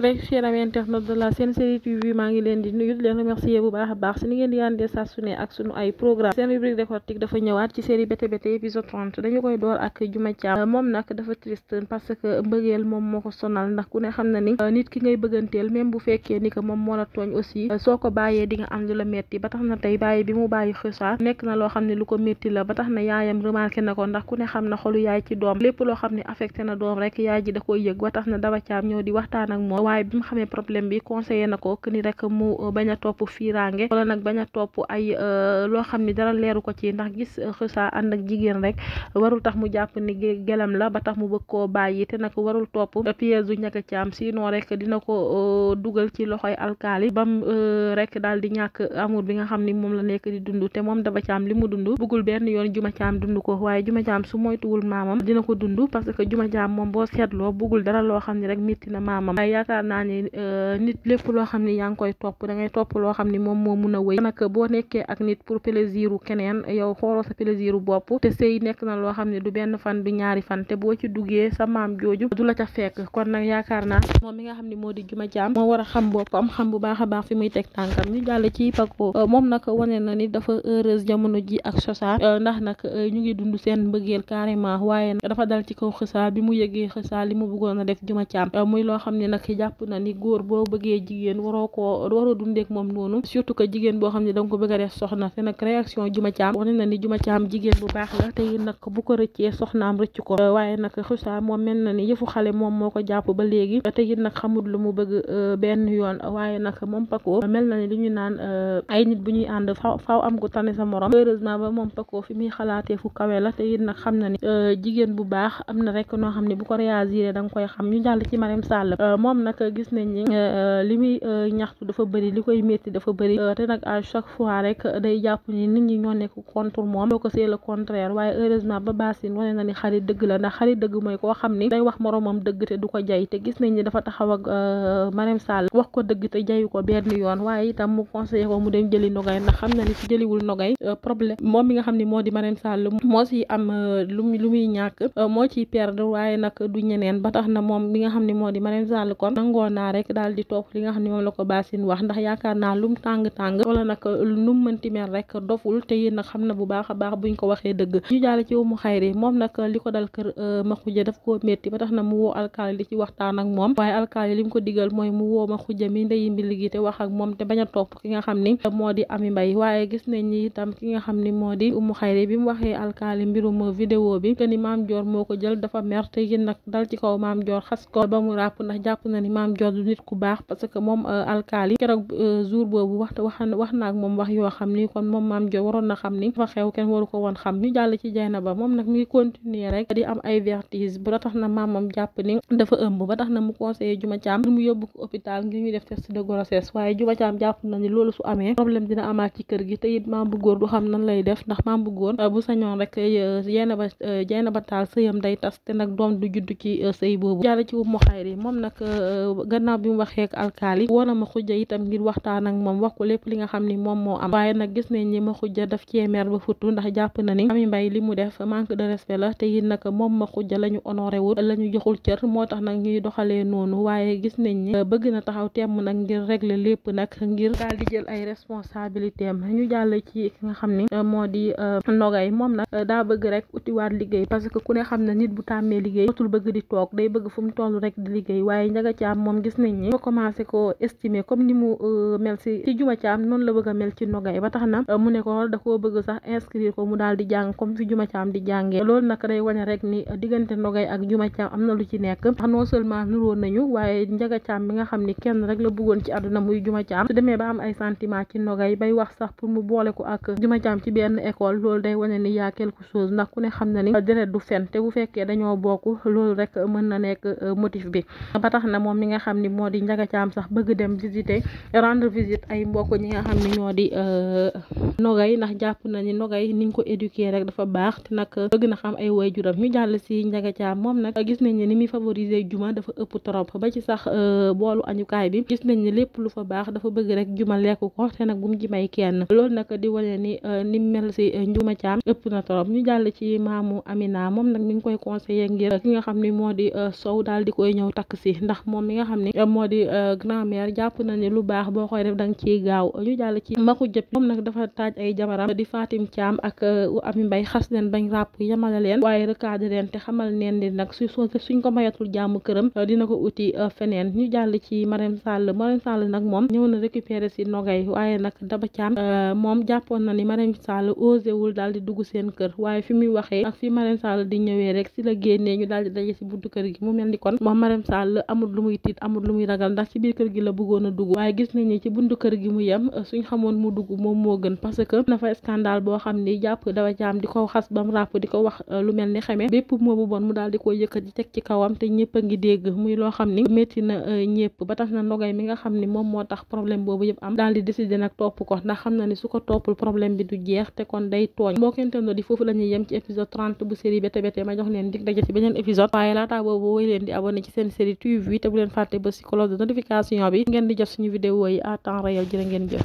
rek chers amis internautes de la Sen Série TV maa ngi leen di nuyu leen remercier bu baax a baax si ni ngeen di yàndee saa su ak sunu ay programme seen rubrique décortique dafa ñëwaat ci série bete Bété épisode 30 dañu koy door ak Juma Thiam moom nag dafa triste parce que mbëggeel moom moo ko sonal ndax ku ne xam na ni euh, nit ki ngay bëgganteel même bu fekkee ni que moom moo la tooñ aussi euh, soo ko bàyyee di nga am lu la metti ba tax na tey bàyyi bi mu bàyyi Kheucha nekk na loo xam ne lu ko metti la ba tax na yaayam remarqué na ko ndax ku ne xam na xolu yaay ci doom lépp loo xam ne affecté na doom rek yaay ji da koy yëg ba tax na Daba Thiam ñëw di waxtaan ak moom waaye bi mu xamee problème bi conseillé na ko que ni rek mu euh, bañ a topp fiirange wala nag bañ a topp ay euh, loo xam ni dara leeru ko ci ndax gis euh, xusa ànd ak jigéen rek warul tax mu jàpp ni gelam la ba tax mu bëgg koo bàyyi te nag warul topp piège du ñàkk ci am sinon rek dina ko dugal ci loxoy alkaali bam rek daal di ñàkk amour bi nga xam ni moom la nekk di dund te moom daba caam li mu dund bëggul benn yoon juma caam dund ko waaye juma caam su moytuwul maamam dina ko dund parce que juma caam moom boo seetloo dara loo xam ni rek mitti na maamam yaakaar naa ne euh, nit lépp loo xam ne yaa ngi koy topp da ngay topp loo xam ni moom moo mun a wéy nag boo nekkee ak nit pour plaisiru keneen yow xooloo sa plaisiru bopp te sëy nekk na loo xam ne du benn fan du ñaari fan boo ci duggee sa maam jooju du la ca fekk kon nag yaakaar naa moom mi nga xam ne moo di juma jaam moo war a xam boppam xam bu baax a baax fi muy teg tànkam ñu jàll ci Paco euh, moom nag wane na ni dafa heureuse jamono ji ak sosa euh, ndax nag ñu ngi dund seen mbëggeel carrément waaye dafa dal ci kaw xësa bi mu yëgee xësa li mu bëggoon a def juma caam muy loo xam ne nag jàpp na ni góor boo bëggee jigéen waroo koo moom noonu surtout que jigéen boo xam ne danga ko bëgg a def soxna te nag réaction Juma Caam wane na ni Juma Caam jigéen bu baax la te nag ko rëccee soxnaam rëcc ko euh, waaye nag xusaa moom mel na ni moom moo ko jàpp ba léegi te it nag xamul lu mu bëgg euh, benn yoon waaye nag moom Paco mel na ni li ñu naan euh, ay nit bu ñuy ànd faw faw am ko tane sa morom heureusement ba moom Paco fi muy xalaatee fu kawe la te it xam na ni jigéen bu baax am na rek noo xam ne bu ko réagir da nga koy xam ñu jàll ci Marème Sall moom nag nag gis nañ ni euh, euh, li muy euh, ñaxtu dafa bëri li koy métti dafa bëri te nag à chaque fois rek day jàpp ni nit ñi ñoo nekk contre moom loo ko c'est le contraire waaye heureusement ba Bassine wane na ni xarit dëgg la ndax xarit dëgg mooy koo xam ni day wax moromam dëgg te du ko jay te gis nañ ni dafa taxaw ak Marème Sall wax ko dëgg te jayu ko benn yoon waaye itam mu conseillé ko mu dem jëli nogay ndax xam na ni si jëliwul nogay problème moom mi nga xam ni moo di Marème Sall moo si am lu lu muy ñàkk moo ciy perdre waaye nag du ñeneen ba tax na moom mi nga xam ni moo di Marème Sall nangoo naa rek daal di topp li nga xam ne moom la ko wax ndax yaakaar naa lum tàng-tàng wala nag euh, lum mënti mel rek doful te yéen nag xam na bu baax a baax buñ ko waxee dëgg ñu jàll ci umu xayri moom nag li ko dal kër euh, ma xuja daf koo métti ba tax na mu woo alkaali li ak moom waaye alkaali li mu ko digal mooy mu ma xuja mi ndeyi mbili gi te wax ak moom te bañ ki nga xam ni moo di ami mbay waaye gis nañ ni itam ki nga xam ni moo di umu xayri bi mu waxee alkaali mbirum vidéo bi que ni maam joor moo ko jël dafa mer te yéen nag dal ci kaw maam joor xas ko ba mu ndax jàpp maam Joob nit ku baax parce que moom euh, alkaali keroog euh, jour boobu wax wax wax na ak moom wax yoo xam ni kon moom maam Joob waroon na xam ni fa xew kenn waru ko woon xam ñu jàll ci Jaynaba moom nag muy continuer rek mu conseillé ko hôpital ngir ñuy def test de grossesse waaye Juma Caam jàpp na ni loolu su amee problème dina amaat ci kër gi te it maam bu du xam nan lay def ndax maam bu euh, bu sañoon rek Jaynaba Taal sëyam day tas te nag doom du judd ci sëy boobu jàll ci wu gannaaw bi mu waxee ak alkaali woona ma xujja itam ngir waxtaan moom wax ko lépp li nga xam ni moom moo am waaye nag gis nañ ni ma xujja daf cee na ni Ami Mbaye li mu de respect la te it moom ma xujja la ñu honoré wul la ñu joxul cër moo tax nag ñuy doxalee noonu waaye gis nañ ni bëgg na taxaw temm nag ngir régler lépp nag ngir daal di jël ay responsabilité am ñu jàll ci ki nga xam ni euh, moo di euh, Nogay moom nag euh, daa bëgg rek utiwaat liggéey parce que ku ne xam na nit bu tàmmee liggéey dootul bëgg di toog day bëgg fu mu toll rek di liggéey waaye njaga ci Thiam moom gis nañ ni ba commencé ko estimer comme ni mu euh, mel si ci Juma Thiam noonu la bëgg mel ci Nogay ba tax na euh, mu ne ko koo bëgg sax inscrire ko mu daal di jàng comme fi Juma Thiam di jàngee loolu nag day wane rek ni diggante Nogay ak Juma Thiam am na lu ci nekk ndax seulement nuróo nañu waaye Njaga Thiam bi nga xam ni kenn rek la bëggoon ci àdduna muy Juma Thiam su demee ba am ay sentiment ci Nogay bay wax sax pour mu boole ko ak Juma Thiam ci benn école loolu day wane ni yaa quelque chose ndax ku ne xam na ni euh, deret du fen te fekkee dañoo bokk loolu rek mën na nekk motif bi ba tax na moom moom mi nga xam ni moo di Njaga Caam sax bëgg dem visiter rendre visite ay mbokk ñi nga xam ni ñoo di euh, nogay ndax jàpp na ni nogay niñ ko éduquer rek dafa baax te nag bëgg na xam ay waajuram ñu jàll si Njaga Caam moom nag gis nañ ne ni muy favoriser juma dafa ëpp trop ba ci sax euh, boolu añukaay bi gis nañ ne lépp lu fa baax dafa bëgg rek juma lekk ko te nag bu mu ji may kenn loolu nag di wane ni euh, ni mel si njuma caam ëpp na trop ñu jàll ci maamu Amina moom nag mi ngi koy conseiller ngir ki nga xam ni moo di sow daal di koy ñëw takk si ndax moom mi nga xam ni euh, moo di euh, grand mère jàpp na ni lu baax boo koy def da nga ciy gaaw ñu jàll ci maxu jëpp moom nag dafa taaj ay jabaram di Fatim Thiam ak euh, Ami Mbaye xas leen bañ ràpp yamale leen waaye recadré leen te xamal neen di nag su suñ ko mayatul jàmm këram dina ko uti feneen ñu jàll ci Marème Sall Marème Sall nag moom ñëw na récupérer si nogay waaye nag Daba Thiam moom jàppoon na ni Marème Sall osé wul daal di dugg seen kër waaye fi muy waxee ak fi Marème Sall di ñëwee rek si la génnee ñu daal di daje si muy tiit a dugg euh, a ngi dégg muy loo xam ni métti na euh, ba tax na ndogay mi nga xam ni moom moo tax problème boobu yëpp am daal di décider nag topp ko ndax xam na ni su toppul problème bi du jeex te kon day tooñ mbokkenteendoo di foofu la yem ci épisode 30 bu série Bété Bété ma jox leen dig daje ci beneen épisode waaye laataa boobu woy leen di abonné ci seen série TV te bu leen fàtte ba si cloche de notification bi ngeen di jot suñu vidéo yi à temps réel jërë ngeen jëf